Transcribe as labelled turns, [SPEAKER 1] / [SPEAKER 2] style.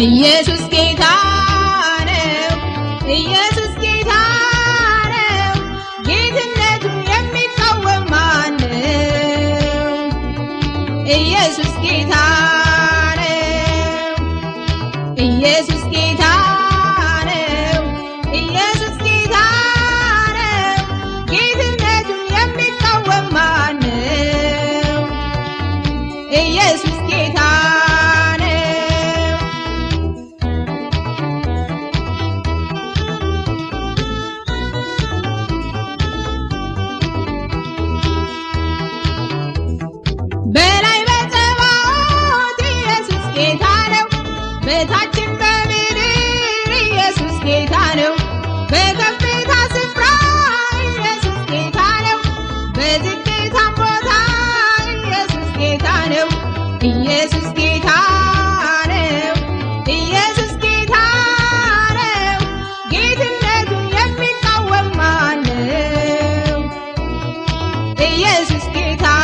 [SPEAKER 1] ኢየሱስ ጌታ ነው፣ ኢየሱስ ጌታ ነው። ጌትነቱን የሚቃወም ማን ነው? ኢየሱስ ጌታ ነው፣ ኢየሱስ ጌታ ነው፣ ኢየሱስ ጌታ ነው። ጌትነቱን የሚቃወም ማን ነው? ኢየሱስ ጌታ
[SPEAKER 2] ጌታ ነው። በከፍታ ስፍራ ኢየሱስ ጌታ ነው። በዝቅታ ቦታ ኢየሱስ ጌታ ነው። ኢየሱስ ጌታ ነው። ኢየሱስ ጌታ ነው። ጌትነቱን የሚቃወም ማን ነው? ኢየሱስ ጌታ